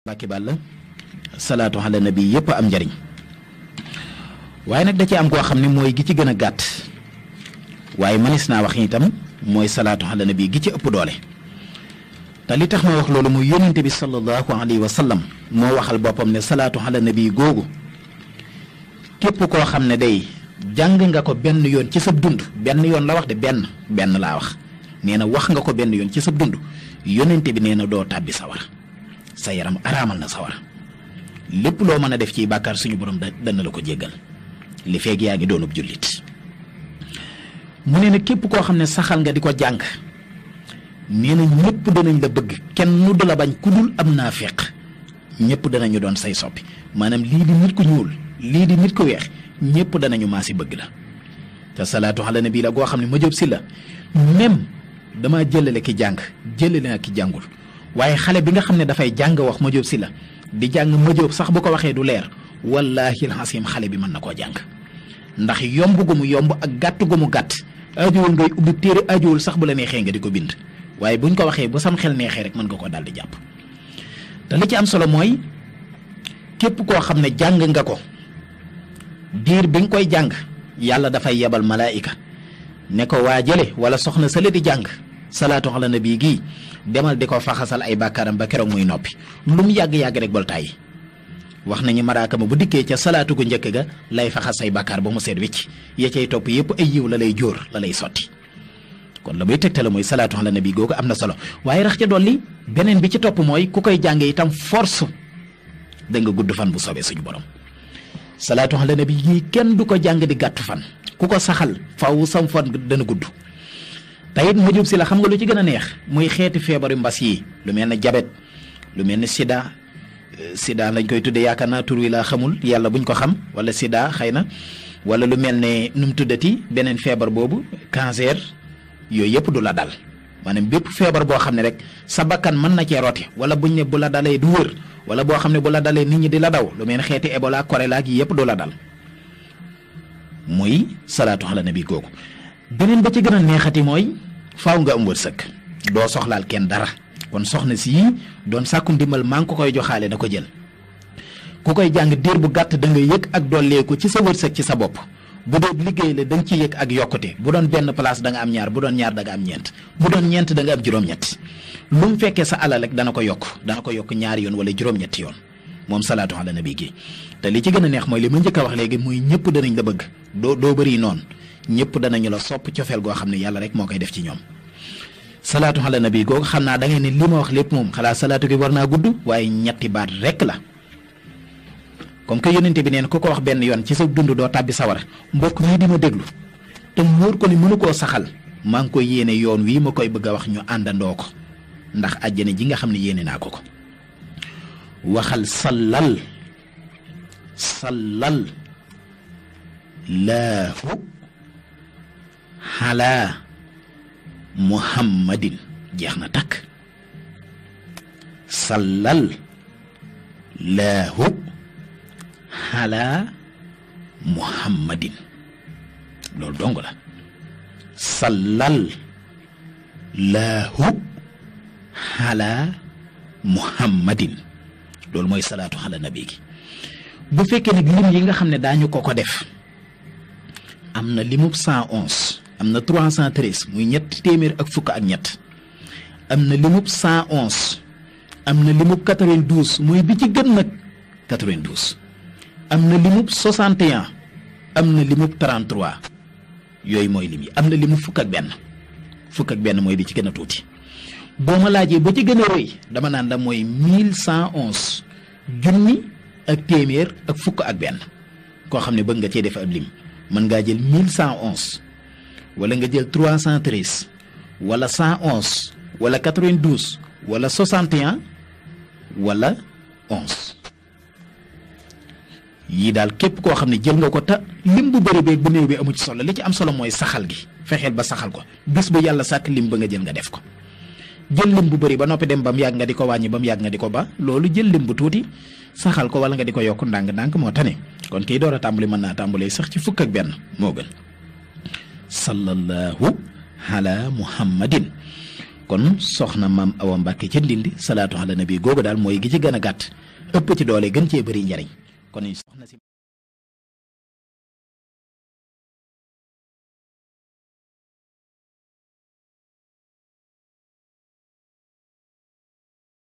Mbàkke Balla salaatu ala yëpp am njariñ waaye nag da ci am koo xam ne mooy gi ci gën a gàtt waaye manis naa wax itam mooy salaatu ala nabi gi ci ëpp doole te li tax ma wax loolu muy yónnente bi sallallahu alayhi wa sallam moo waxal boppam ne salaatu ala nabi googu képp koo xam ne day jàng nga ko benn yoon ci sab dund benn yoon la wax de benn benn laa wax nee na wax nga ko benn yoon ci sab dund yónnente bi nee na doo tàbbi sawar sa yaram aramal na sawara lepp lo meuna def ci bakkar suñu borom dana la ko jéggal li feeg yaa doon ub julit mu ne na képp koo xam ne saxal nga di ko jàng nee na ñëpp danañ la bëgg kenn du la bañ ku dul am naa feq ñëpp danañu doon say soppi maanaam lii di nit ku ñuul lii di nit ku weex ñëpp danañu bëgg la te salaatu ala nabi la goo xam ma jóob si la même dama jëlale ki jàng jëlale ak ki jàngul waye xale bi nga xamné da fay jàng wax ma jóob si la di jàng ma sax bu ko waxé du leer wallahi alhasim xale bi man nako jàng ndax yombu gumu yombu ak gattu gumu gàtt aajowul ngay ubbi téere aajowul sax bu la nexé nga diko bind waye buñ ko waxé bu sam xel nexé rek man nga ko dal di jàpp da li ci am solo moy képp ko xamné jàng nga ko dir bi koy jàng yàlla fay yebal malaika ne ko waajale wala soxna sële di jàng Salatu ala nabi gi demal diko faxasal ay bakaram ba keroog muy nopi lum yag yag rek bol tàyyi wax nañu maraka mo bu dikke ci salatu gu njëkk ga lay faxas ay bàkkaar ba mu set wicc ya cey top yep ay yiw la lay jor la lay soti kon la muy tegtale moy salatu ala nabi gogo amna solo waye rax ci doli benen bi ci top moy ku koy jange itam force da nga gudd fan bu sobe suñu borom salatu ala nabi gi ken du ko di gattu fan ku ko saxal faaw sam fan na gudd tayit mujub si la xam nga lu ci gëna neex muy xeeti feebaru mbas yi lu melni jabet lu melni sida euh, sida lañ koy tuddé yakana tur wi la xamul yalla buñ ko xam wala sida xeyna na wala lu melni num tuddati benen feebar bobu cancer yoy yëpp du la dal manam bépp feebar bo xam rek sa bakkan man na ci wala buñ ne bu la dalé du wër wala bo xam bu la dalé nit ñi di la daw lu melni ne ebola corella gi yëpp du la dal muy salatu ala nabi beneen ba ci gën a neexati mooy faaw nga am wërsëg doo soxlaal kenn dara kon soxna si doon sàkku ndimbal maa ngi ko koy joxaale na ko jël ku koy jàng diir bu gàtt da nga yëg ak dolleeku ci sa wërsëg ci sa bopp bu doon liggéey la da nga ciy yëg ak yokkute bu doon benn place danga am ñaar bu doon ñaar da am ñeent bu doon ñeent da nga am juróom-ñett lu mu fekkee sa alal rek dana ko yokk dana ko yokk ñaari yoon wala juróom-ñetti yoon moom salaatu ala nabi gi li ci gën a neex mooy li ma njëkk wax léegi muy ñëpp danañ la bëgg doo doo bëri noonu ñëpp danañu la sopp ci goo go ne yalla rek mo koy def ci ñom salatu ala nabi go xamna da ngay ni li wax lepp mom xala salatu gi warna gudd waye ñetti baat rek la comme que yonente bi neen ku ko wax ben yoon ci sa dund do tabbi sawar mbokk mi di ma deglu te moor ko ni mënu ko saxal maa koy yene yoon wi ma koy bëgg wax ñu andando ko ndax aljana ji nga xam yene na ko ko waxal sallal sallal la ala muhammadin jeex na takk sallal laahu ala muhammadin loolu dong la sallal laahu ala muhammadin loolu mooy salaatu ala nabi bu fekkee nag lim yi nga xam ne daañu ko ko def am na limub cent onze am na 313 muy ñetti téeméer ak fukk ak ñett am na limub 111 am na mu 92 muy bi ci gën nag 92 am na limub 61 am na li limub 33 yooyu mooy lim yi am na li limub fukk ak benn fukk ak benn mooy bi ci gën a tuuti boo ma laajee ba ci gën a rëy dama naan la mooy 1111 junni ak téeméer ak fukk ak benn koo xam ne bëgg nga cee def ab lim mën ngaa jël 1111. wala nga jël 313 wala 111 wala 92 wala 61 wala 11 yi dal képp koo xam ne jël nga ko ta lim bu bëri beeg bu néew bi amu ci solo li ci am solo mooy saxal gi fexeel ba saxal ko bis ba yàlla sàkk lim ba nga jël nga def ko jël lim bu bëri ba noppi dem ba mu yàgg nga di ko wàññi ba mu yàgg nga di ko ba loolu jël lim bu tuuti saxal ko wala nga di ko yokk ndànk-ndànk moo tane kon kii door a tàmbali mën naa tàmbalee sax ci fukk ak benn moo gën sallallahu ala muhammadin kon soxna maam awa mbàkke ca ndindi salaatu ala nabi googu daal mooy gi ci gën a gàtt ëpp ci doole gën cee bëri njariñ kon soxna si